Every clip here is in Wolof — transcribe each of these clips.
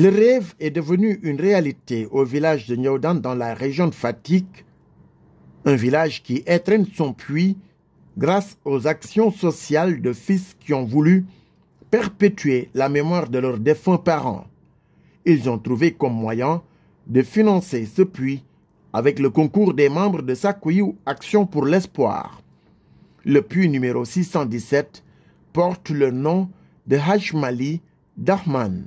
Le rêve est devenu une réalité au village de Nyodan dans la région de Fatik, un village qui étreint son puits grâce aux actions sociales de fils qui ont voulu perpétuer la mémoire de leurs défunts parents. Ils ont trouvé comme moyen de financer ce puits avec le concours des membres de Sakuyu Action pour l'Espoir. Le puits numéro 617 porte le nom de Hashmali Dahman.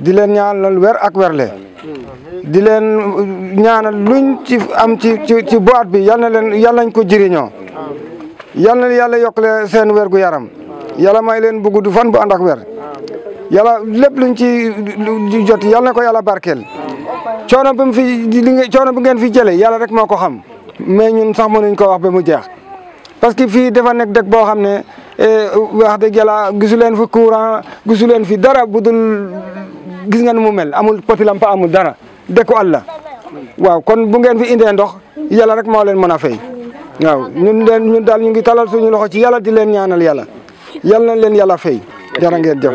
di leen ñaanal wer ak werle di leen ñaanal luñ ci am ci ci ci boîte bi yal na leen yal nañ ko jëriñoo yal na yàlla le seen wér gu yaram yàlla may leen bu gudd fan bu ànd ak wer yàlla lépp luñ ci jot yal na ko yàlla barkeel coono bi mu fi li coono bi ngeen fi jëlee yàlla rek moo ko xam mais ñun sax mënuñ ko wax ba mu jeex parce que fii dafa nekk dëkk boo xam ne eh, wax dëgg yàlla gisu leen fi courant gisu leen fi dara budul gis nga nu mu mel amul poti lampa amul dara dëkku àll la waaw kon bu ngeen fi indee ndox yala rek moo leen mën a fay waaw ñun leen ñun daal ñu ngi talal suñu loxo ci yàlla di leen ñaanal yala yàlla nañ leen yàlla fay jërë ngeen jëf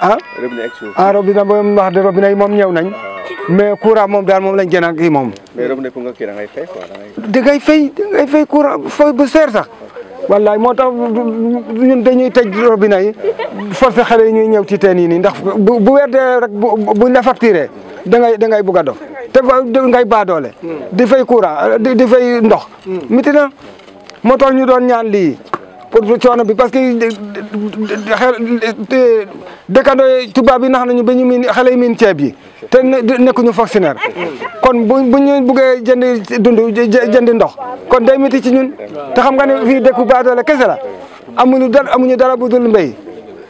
ah ah robinet moom wax de robinet yi moom ñëw nañ mais courant moom daal moom lañ gën a kii moom. mais robinet pour nga kii da ngay fay quoi da ngay. da ngay fay bu seer sax. wallaay moo tax ñun dañuy tëj robinet yi forcé xale yi ñuy ñëw ci teen i nii ndax bu bu weer rek bu buñ la facturé da ngay da ngay bugg a dof te ngay baadoole di fay courant di fay ndox miti na moo tax ñu doon ñaan lii pour coono bi parce que xel dëkkandoo tubaab yi nax nañu ba ñu miin xale yi miin ceeb yi te nekkuñu si fonctionnaire kon bu bu ñu buggee jënd dund jëndi ndox kon day métti ci ñun te xam nga ne fii baa baadoole kese la amuñu dara amuñu dara bu dul mbéy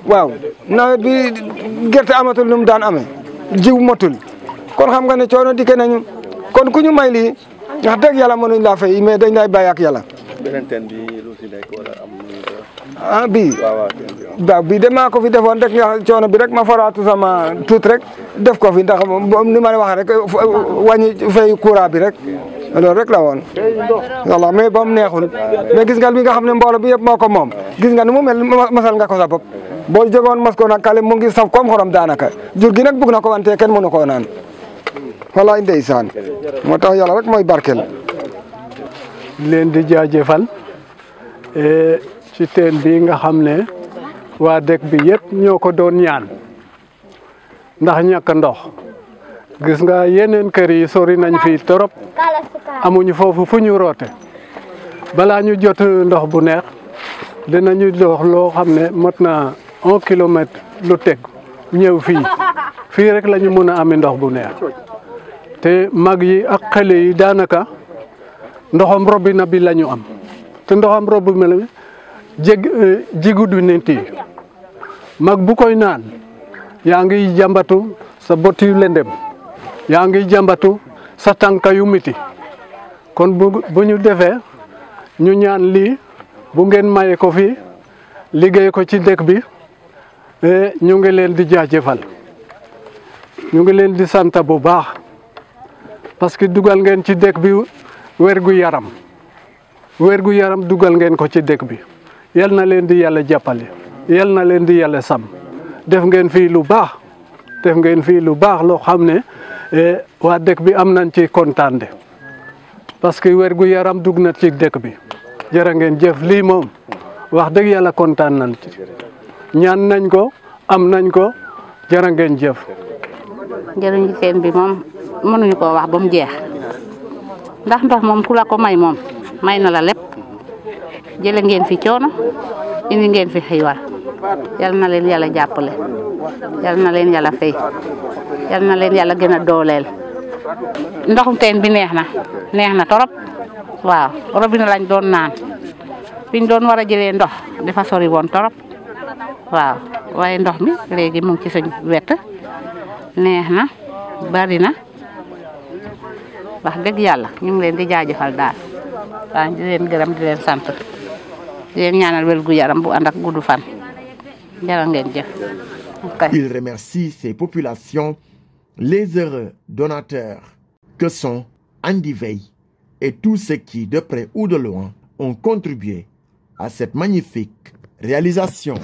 waaw na gerte amatul nu mu daan amee jiw motul kon xam nga ne coono dikkee nañu kon ku ñu may lii wax dëgg yàlla mënuñ laa fay mais dañ lay bàyyi ak yàlla. beneen teen bi lu ah bii waaw bii de maa ko fi defoon rek nga coono bi rek ma foraatu sama tuut rek def ko fi ndax ni ma la wax rek wàññi fay courant bi rek loolu rek la woon walla mais ba mu neexul mais gis nga bi nga xam ne mbooloo bi yëpp moo ko moom gis nga nu mu mel masal nga ko sa bopp boo jógoon mas ko nag kale moo ngi saf comme xorom daanaka jur gi nag bugg na ko wante kenn mënu koo naan wallaay ndeysaan moo tax yàlla rek mooy barkel leen di jaajëfal eh, ci teen bi nga xam ne waa dëkk bi yëpp ñoo ko doon ñaan ndax ñàkk ndox gis nga yeneen kër yi sori nañ fii torop amuñu foofu fu ñu roote balaa ñu jot ndox bu neex dinañu dox loo xam ne mot na un kilomètre lu teg ñëw fii fii rek la ñu mën a amee ndox bu neex te mag yi ak xale yi daanaka ndoxam robinet bi la ñu am te ndoxam robinet bi jég euh, jigu du nenti mag bu koy naan yaa ngi jàmbatu sa bot yu lendem yaa ngiy jàmbatu sa tànka yu miti kon bu ñu defee ñu ñaan lii bu ngeen maye ko fii liggéey ko ci dëkk bi ñu ngi leen di jaajëfal ñu ngi leen di sant bu baax parce que dugal ngeen ci dëkk bi wér gu yaram wér gu yaram dugal ngeen ko ci dëkk bi yal na leen di yàlla jàppale yal na leen di yàlla sàmm def ngeen fii lu baax def ngeen fii lu baax loo xam ne eh, waa dëkk bi am nañ ci kontaan de parce que wér gu yaram dugg na ci dëkk bi jërë ngeen jëf lii moom wax dëgg yàlla kontaan nañ ci ñaan nañ ko am nañ ko jërë ngeen jëf. njëriñu seen bi moom mënuñu koo wax ba mu jeex ndax ndax moom ku la ko may moom may na la lépp. jële ngeen fi coono indi ngeen fi xiiwal yal leen yàlla jàppale yal na leen yàlla fay yal na leen yàlla gën a dooleel ndoxum teen bi neex na neex na torop waaw robinet lañ doon naan biñ doon war a jëlee ndox dafa sori woon torop waaw waaye ndox mi léegi mu ngi ci suñ wet neex na bari na wax dëgg yàlla ñu ngi leen di jaajëfal daal waaw di leen gërëm di leen sant Il remercie ces populations, les heureux donateurs que sont Andy Veil et tous ceux qui, de près ou de loin, ont contribué à cette magnifique réalisation.